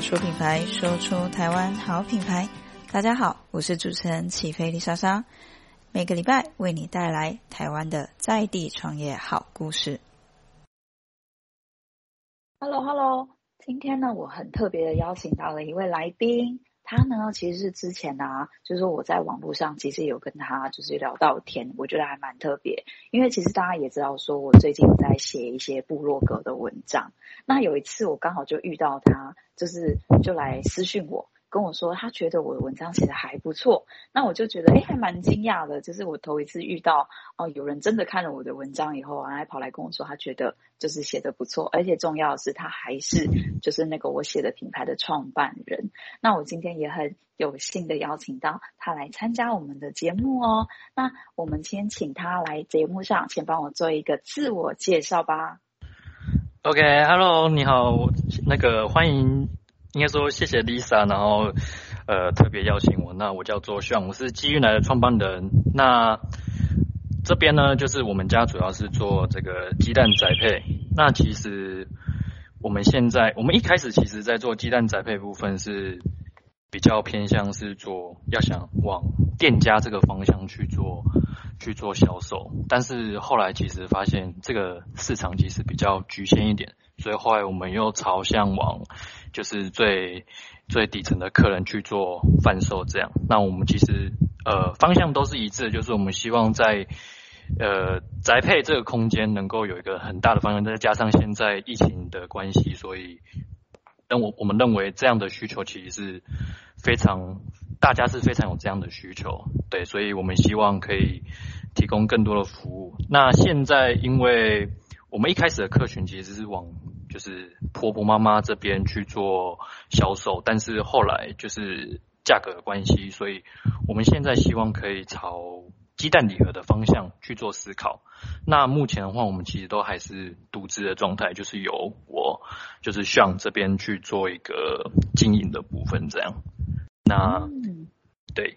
說品牌，說出台灣好品牌。大家好，我是主持人起飛麗莎莎，每個禮拜為你帶來台灣的在地創業好故事。Hello，Hello，hello。今天呢，我很特別的邀請到了一位來賓。他呢，其實是之前啊，就是說我在網絡上其實有跟他就是聊到天，我覺得還蠻特別，因為其實大家也知道，說我最近在寫一些部落格的文章，那有一次我剛好就遇到他，就是就來私訊我。跟我說，他覺得我的文章寫得還不錯，那我就覺得，哎、欸，還蠻驚訝的，就是我頭一次遇到哦，有人真的看了我的文章以後啊，然後還跑來跟我說，他覺得就是寫得不錯，而且重要的是，他還是就是那個我寫的品牌的創辦人。那我今天也很有幸的邀請到他來參加我們的節目哦。那我們先請他來節目上，先幫我做一個自我介紹吧。OK，Hello，、okay, 你好，那個歡迎。應該說謝謝 Lisa，然後呃特別邀請我，那我叫做炫，我是雞運來的創辦人。那這邊呢，就是我們家主要是做這個雞蛋宅配。那其實我們現在，我們一開始其實，在做雞蛋宅配部分是比較偏向是做要想往店家這個方向去做去做銷售，但是後來其實發現這個市場其實比較局限一點。所以後來我們又朝向往就是最最底層的客人去做販售這樣。那我們其實呃方向都是一致，就是我們希望在呃宅配這個空間能夠有一個很大的方向。再加上現在疫情的關係，所以但我我們認為這樣的需求其實是非常大家是非常有這樣的需求，對，所以我們希望可以提供更多的服務。那現在因為我們一開始的客群其實是往就是婆婆媽媽這邊去做銷售，但是後來就是價格的關係，所以我們現在希望可以朝雞蛋禮盒的方向去做思考。那目前的話，我們其實都還是獨自的狀態，就是由我就是向這邊去做一個經營的部分，這樣。那對。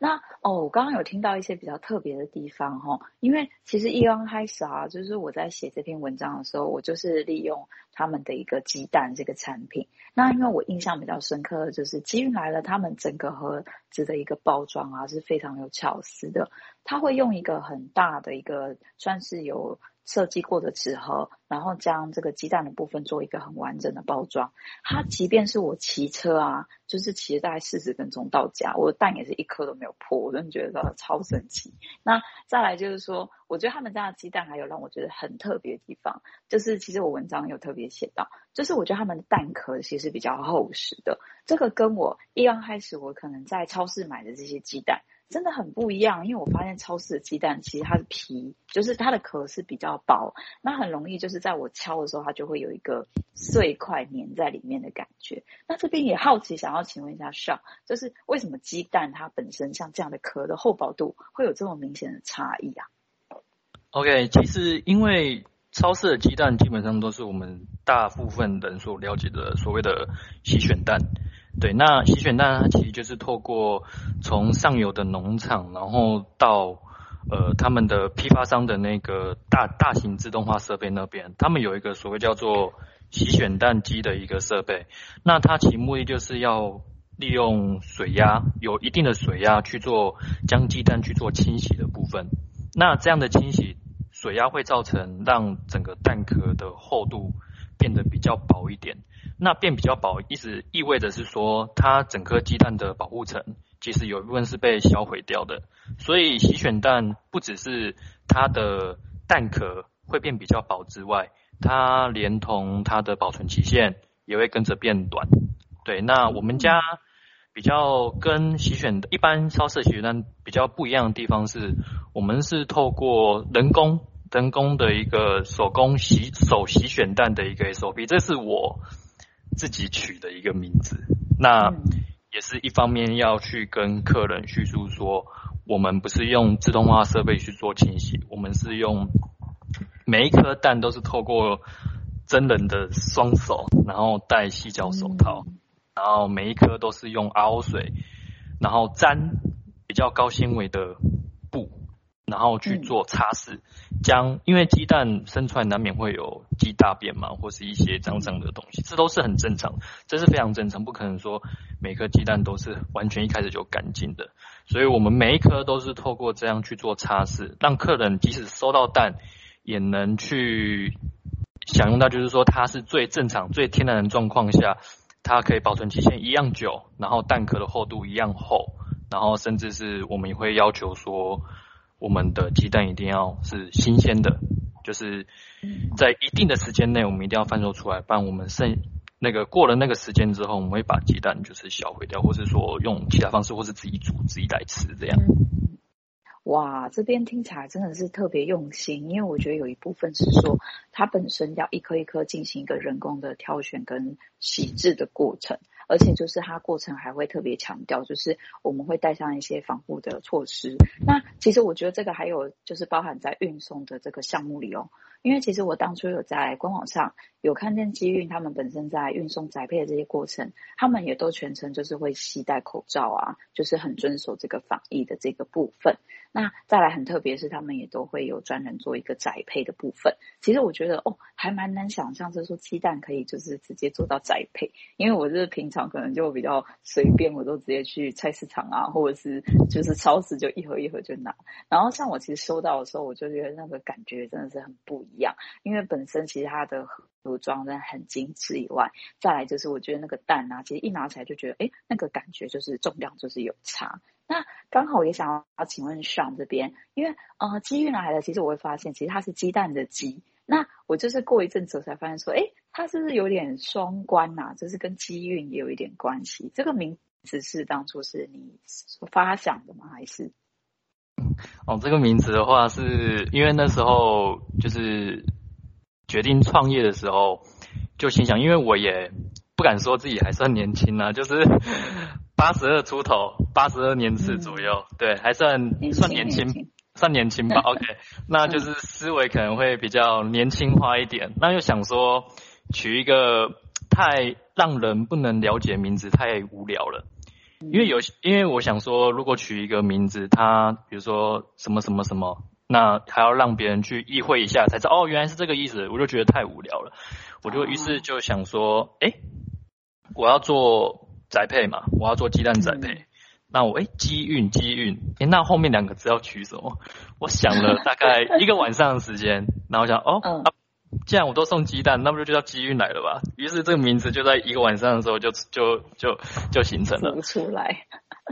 那哦，我剛剛有聽到一些比較特別的地方哈，因為其實一剛開始啊，就是我在寫這篇文章的時候，我就是利用他們的一個雞蛋這個產品。那因為我印象比較深刻的就是雞運來了他們整個盒子的一個包裝啊是非常有巧思的，他會用一個很大的一個，算是有。設計過的紙盒，然後將這個雞蛋的部分做一個很完整的包裝。它，即便是我騎車啊，就是騎了大概四十分鐘到家，我的蛋也是一顆都沒有破，我真的覺得超神奇。那再來就是說，我覺得他們家的雞蛋還有讓我覺得很特別的地方，就是其實我文章有特別寫到，就是我覺得他們的蛋殼其實比較厚實的，這個跟我一剛開始我可能在超市買的這些雞蛋真的很不一樣，因為我發現超市的雞蛋其實它的皮，就是它的殼是比較薄，那很容易就是在我敲的時候，它就會有一個碎塊黏在裡面的感覺。那這邊也好奇，想要請問一下尚，就是為什麼雞蛋它本身像這樣的殼的厚薄度會有這麼明顯的差異啊？OK，其實因為超市的雞蛋基本上都是我們大部分人所了解的所謂的“洗選蛋”。對，那洗選蛋它其實就是透過從上游的農場，然後到呃他們的批發商的那個大大型自動化設備那邊，他們有一個所謂叫做洗選蛋機的一個設備。那它其目的就是要利用水壓，有一定的水壓去做將雞蛋去做清洗的部分。那這樣的清洗，水壓會造成讓整個蛋殼的厚度變得比較薄一點。那變比較薄，意思意味着是說，它整顆雞蛋的保護層其實有一部分是被銷毀掉的。所以洗選蛋不只是它的蛋殼會變比較薄之外，它連同它的保存期限也會跟着變短。對，那我們家比較跟洗選的一般超市洗選蛋比較不一樣的地方是，我們是透過人工、人工的一個手工洗手洗選蛋的一個 SOP，這是我。自己取的一個名字，那也是一方面要去跟客人敘述說，我們不是用自動化設備去做清洗，我們是用每一顆蛋都是透過真人的雙手，然後戴矽膠手套，然後每一顆都是用 RO 水，然後沾比較高纖維的。然後去做擦拭，將因為雞蛋生出來難免會有雞大便嘛，或是一些髒髒的東西，這都是很正常，這是非常正常，不可能說每顆雞蛋都是完全一開始就乾淨的。所以我們每一顆都是透過這樣去做擦拭，讓客人即使收到蛋也能去享用到，就是說它是最正常、最天然的狀況下，它可以保存期限一樣久，然後蛋殼的厚度一樣厚，然後甚至是我們也會要求說。我們的雞蛋一定要是新鮮的，就是在一定的時間內，我們一定要販售出來，不然我們剩那個過了那個時間之後，我們會把雞蛋就是銷毀掉，或是說用其他方式，或是自己煮自己來吃這樣、嗯。哇，這邊聽起來真的是特別用心，因為我覺得有一部分是說它本身要一顆一顆進行一個人工的挑選跟洗制的過程。而且就是它過程還會特別強調，就是我們會帶上一些防護的措施。那其實我覺得這個還有就是包含在運送的這個項目裡哦。因為其實我當初有在官網上有看見機運他們本身在運送宅配的這些過程，他們也都全程就是會系戴口罩啊，就是很遵守這個防疫的這個部分。那再來很特別，是他們也都會有專人做一個宅配的部分。其實我覺得哦，還蠻難想象，就是說雞蛋可以就是直接做到宅配。因為我就是平常可能就比較隨便，我都直接去菜市場啊，或者是就是超市就一盒一盒就拿。然後像我其實收到的時候，我就覺得那個感覺真的是很不一樣，因為本身其實它的。服裝真的很精緻以外，再來就是我覺得那個蛋啊，其實一拿起來就覺得，哎、欸，那個感覺就是重量就是有差。那剛好我也想要請問上這邊，因為呃，雞運來了，其實我會發現，其實它是雞蛋的「雞」。那我就是過一陣子才發現說，哎、欸，它是不是有點雙關吶、啊？就是跟機運也有一點關係。這個名字是當初是你發想的嗎？還是？哦，這個名字的話是，是因為那時候就是。決定創業的時候，就心想，因為我也不敢說自己還算年輕啊，就是八十二出頭，八十二年次左右，嗯，對，還算算年輕，算年輕吧。OK，嗯，那就是思維可能會比較年輕化一點。那又想說取一個太讓人不能了解名字太無聊了，因為有，因為我想說，如果取一個名字，它比如說什麼什麼什麼。那還要讓別人去意會一下才知道哦，原來是這個意思，我就覺得太無聊了，我就於是就想說，哎、欸，我要做宅配嘛，我要做雞蛋宅配，那我哎雞運雞運，哎、欸欸、那後面兩個字要取什麼？我想了大概一個晚上的時間， 然後想哦、啊，既然我都送雞蛋，那不就叫雞運來了吧？於是這個名字就在一個晚上的時候就就就就，就形成了出來。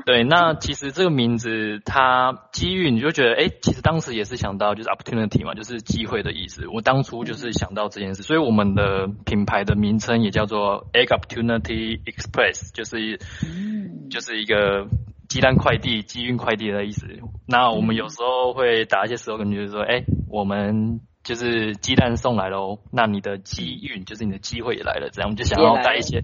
對，那其實這個名字它機遇，你就覺得哎，其實當時也是想到就是 opportunity 嘛，就是機會的意思。我當初就是想到這件事，所以我們的品牌的名稱也叫做 Egg Opportunity Express，就是就是一個雞蛋快遞、機運快遞的意思。那我們有時候會打一些時候，感 g 就是說哎，我們。就是雞蛋送來咯，那你的機運就是你的機會也來了。這樣我們就想要帶一些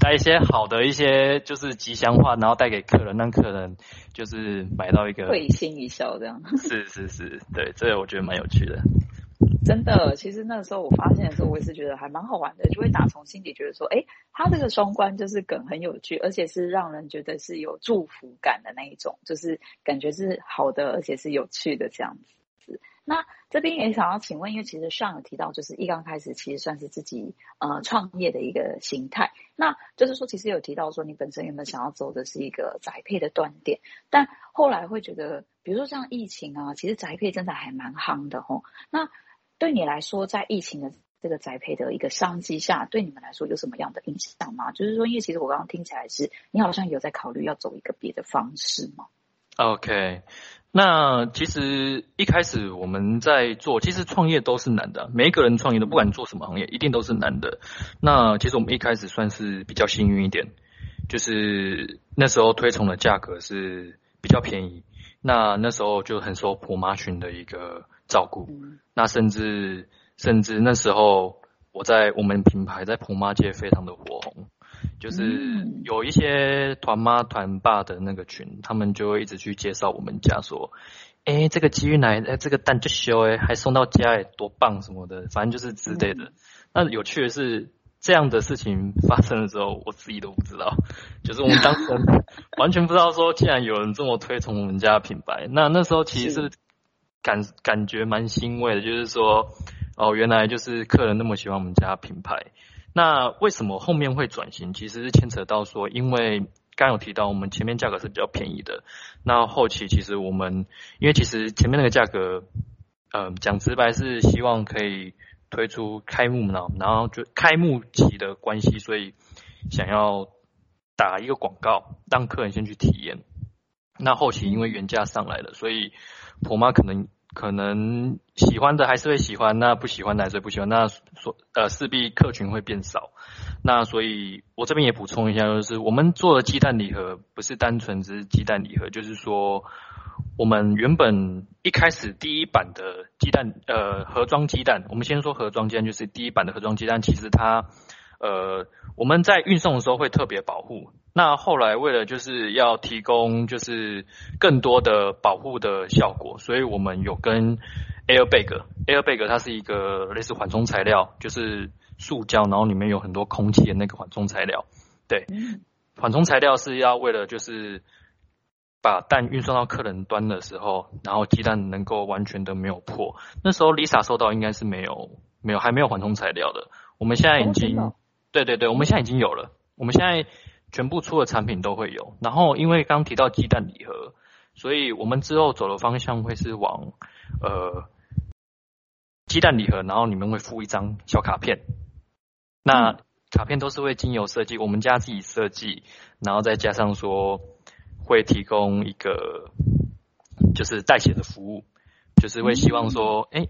帶一些好的一些就是吉祥話，然後帶給客人，讓客人就是買到一個會心一笑這樣。是是是，對，這個我覺得蠻有趣的。 真的，其實那個時候我發現的時候，我也是覺得還蠻好玩的，就會打從心底覺得說，哎、欸，他這個雙關就是梗很有趣，而且是讓人覺得是有祝福感的那一種，就是感覺是好的，而且是有趣的這樣子。那這邊也想要請問，因為其實上有提到，就是一剛開始其實算是自己呃創業的一個形態。那就是說，其實有提到說你本身原本想要走的是一個宅配的斷點，但後來會覺得，比如說像疫情啊，其實宅配真的還蠻夯的吼。那對你來說，在疫情的這個宅配的一個商機下，對你們來說有什麼樣的影響嗎？就是說，因為其實我剛剛聽起來是你好像有在考慮要走一個別的方式嗎？OK。那其實一開始我們在做，其實創業都是難的，每一個人創業都不管做什麼行業，一定都是難的。那其實我們一開始算是比較幸運一點，就是那時候推崇的價格是比較便宜，那那時候就很受婆媽群的一個照顧，那甚至甚至那時候我在我們品牌在婆媽界非常的火紅。就是有一些團媽團爸的那個群，他們就會一直去介紹我們家，說，誒、欸，這個雞運來，這個蛋就修，誒，還送到家，誒，多棒什麼的，反正就是值得的、嗯。那有趣的是，這樣的事情發生的時候，我自己都不知道，就是我們當時完全不知道說，竟然有人這麼推崇我們家的品牌，那那時候其實是感是感覺蠻欣慰的，就是說，哦，原來就是客人那麼喜歡我們家的品牌。那為什麼後面會轉型？其實是牽扯到說，因為剛剛有提到，我們前面價格是比較便宜的。那後期其實我們，因為其實前面那個價格，嗯、呃，講直白是希望可以推出開幕呢，然後就開幕期的關係，所以想要打一個廣告，讓客人先去體驗。那後期因為原價上來了，所以婆媽可能。可能喜歡的還是會喜歡，那不喜歡的還是會不喜歡，那所呃勢必客群會變少。那所以，我這邊也補充一下，就是我們做的雞蛋禮盒不是單純只是雞蛋禮盒，就是說我們原本一開始第一版的雞蛋呃盒裝雞蛋，我們先說盒裝雞蛋，就是第一版的盒裝雞蛋，其實它。呃，我們在運送的時候會特別保護。那後來為了就是要提供就是更多的保護的效果，所以我們有跟 Airbag Airbag 它是一個類似緩衝材料，就是塑膠，然後裡面有很多空氣的那個緩衝材料。對，緩衝材料是要為了就是把蛋運送到客人端的時候，然後雞蛋能夠完全的沒有破。那時候 Lisa 收到應該是沒有沒有還沒有緩衝材料的，我們現在已經。對對對，我們現在已經有了。我們現在全部出的產品都會有。然後因為剛剛提到雞蛋禮盒，所以我們之後走的方向會是往呃雞蛋禮盒，然後你們會附一張小卡片。那卡片都是會經由設計，我們家自己設計，然後再加上說會提供一個就是代寫的服務，就是會希望說，哎，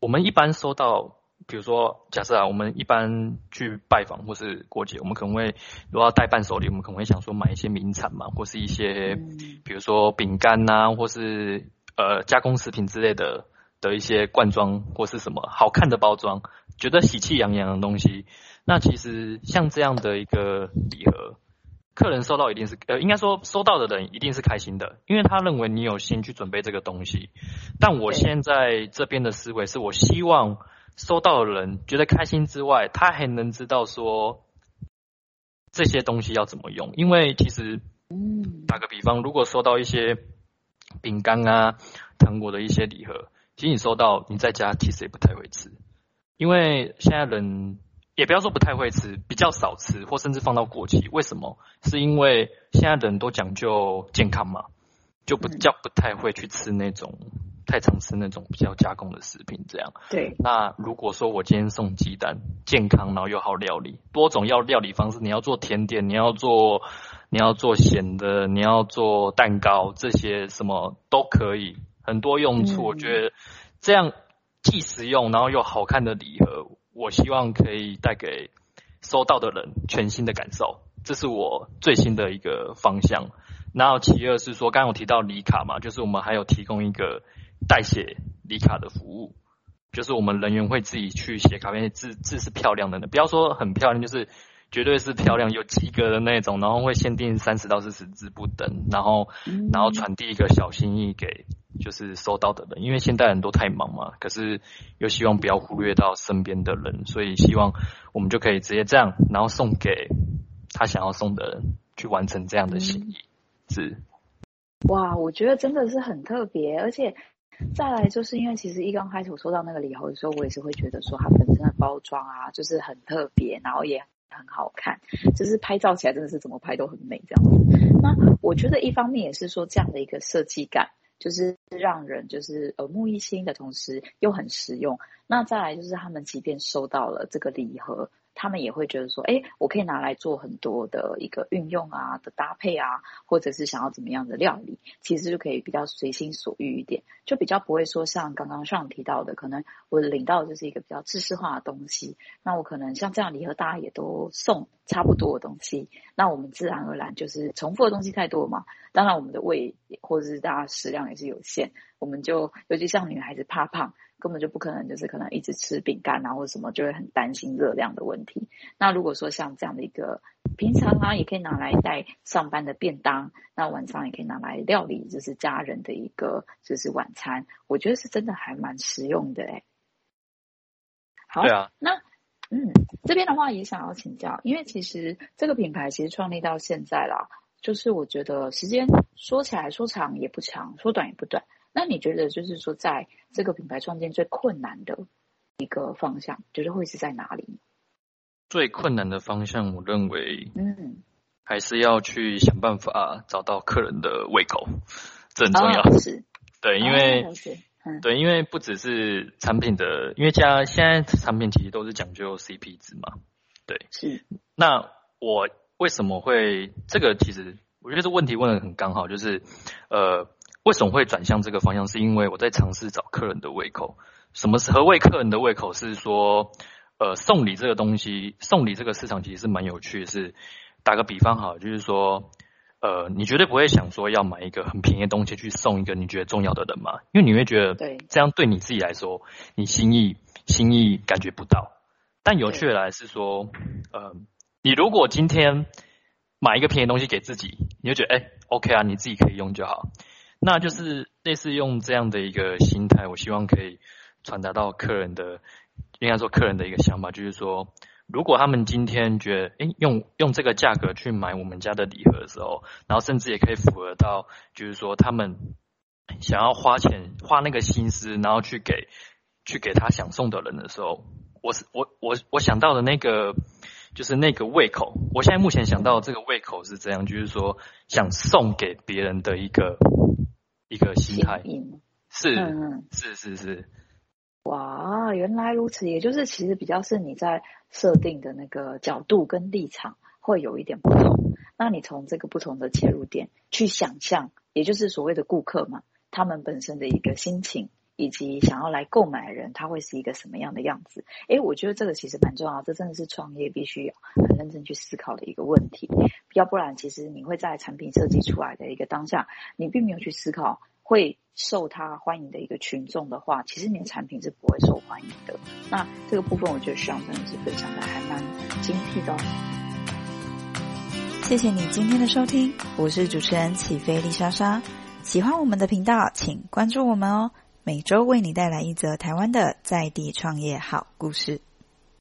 我們一般收到。比如說，假設啊，我們一般去拜訪或是過節，我們可能會如果要帶伴手禮，我們可能會想說買一些名產嘛，或是一些比如說餅乾吶，或是呃加工食品之類的的一些罐裝或是什麼好看的包裝，覺得喜氣洋洋的東西。那其實像這樣的一個禮盒，客人收到一定是呃，應該說收到的人一定是開心的，因為他認為你有心去準備這個東西。但我現在這邊的思維是我希望。收到的人覺得開心之外，他還能知道說這些東西要怎麼用。因為其實，打個比方，如果收到一些餅乾啊、糖果的一些禮盒，其實你收到你在家其實也不太會吃，因為現在人也不要說不太會吃，比較少吃或甚至放到過期。為什麼？是因為現在人都講究健康嘛，就比較不太會去吃那種。太常吃那種比較加工的食品，這樣對。那如果說我今天送雞蛋，健康然後又好料理，多種要料理方式，你要做甜點，你要做，你要做鹹的，你要做蛋糕，這些什麼都可以，很多用處，嗯。我覺得這樣既實用然後又好看的禮盒，我希望可以帶給收到的人全新的感受。這是我最新的一個方向。然後其二是說，剛剛有提到禮卡嘛，就是我們還有提供一個。代寫禮卡的服務，就是我們人員會自己去寫卡片寫，字字是漂亮的，不要說很漂亮，就是絕對是漂亮，有及格的那種。然後會限定三十到四十字不等，然後然後傳遞一個小心意給就是收到的人，因為現代人都太忙嘛，可是又希望不要忽略到身邊的人，所以希望我們就可以直接這樣，然後送給他想要送的人去完成這樣的心意是，嗯。哇，我覺得真的是很特別，而且。再來就是因為其實一剛開始我收到那個禮盒的時候，我也是會覺得說它本身的包裝啊，就是很特別，然後也很好看，就是拍照起來真的是怎麼拍都很美這樣子。那我覺得一方面也是說這樣的一個設計感，就是讓人就是耳目一新的同時又很實用。那再來就是他們即便收到了這個禮盒。他們也會覺得說，哎，我可以拿來做很多的一個運用啊的搭配啊，或者是想要怎麼樣的料理，其實就可以比較隨心所欲一點，就比較不會說像剛剛上提到的，可能我領到的就是一個比較制式化的東西，那我可能像這樣禮盒，大家也都送差不多的東西，那我們自然而然就是重複的東西太多嘛，當然我們的胃或者是大家食量也是有限，我們就尤其像女孩子怕胖。根本就不可能，就是可能一直吃餅乾啊，或者什麼，就會很擔心熱量的問題。那如果說像這樣的一個平常啊，也可以拿來帶上班的便當，那晚上也可以拿來料理，就是家人的一個就是晚餐。我覺得是真的還蠻實用的、欸，哎。好，啊、那嗯，這邊的話也想要請教，因為其實這個品牌其實創立到現在了，就是我覺得時間說起來說長也不長，說短也不短。那你覺得就是說，在這個品牌創建最困難的一個方向，就是會是在哪裡？最困難的方向，我認為，嗯，還是要去想辦法找到客人的胃口，這很重要。哦、是，對，哦、因為、嗯，對，因為不只是產品的，因為家現在產品其實都是講究 CP 值嘛。對，是。那我為什麼會這個？其實我覺得這問題問得很剛好，就是，呃。為什麼會轉向這個方向？是因為我在嘗試找客人的胃口。什麼是何謂客人的胃口？是說，呃，送禮這個東西，送禮這個市場其實是蠻有趣。是打個比方好，就是說，呃，你絕對不會想說要買一個很便宜的東西去送一個你覺得重要的人嘛？因為你會覺得，對，這樣對你自己來說，你心意心意感覺不到。但有趣的來是說，呃，你如果今天買一個便宜的東西給自己，你就覺得，哎，OK 啊，你自己可以用就好。那就是類似用這樣的一個心態，我希望可以傳達到客人的應該說客人的一個想法，就是說，如果他們今天覺得，誒、欸，用用這個價格去買我們家的禮盒的時候，然後甚至也可以符合到，就是說他們想要花錢花那個心思，然後去給去給他想送的人的時候，我是我我我想到的那個就是那個胃口，我現在目前想到的這個胃口是這樣，就是說想送給別人的一個。一個心態是嗯嗯，是是是，哇，原來如此，也就是其實比較是你在設定的那個角度跟立場會有一點不同，那你從這個不同的切入點去想象，也就是所謂的顧客嘛，他們本身的一個心情。以及想要來購買的人，他會是一個什麼樣的樣子？誒，我覺得這個其實蠻重要，這真的是創業必須要很認真去思考的一個問題。要不然，其實你會在產品設計出來的一個當下，你並沒有去思考會受他歡迎的一個群眾的話，其實你的產品是不會受歡迎的。那這個部分，我覺得需要真的是非常的還蠻精闢的哦。謝謝你今天的收聽，我是主持人起飛麗莎莎。喜歡我們的頻道，請關注我們哦。每週為你帶來一則台灣的在地創業好故事。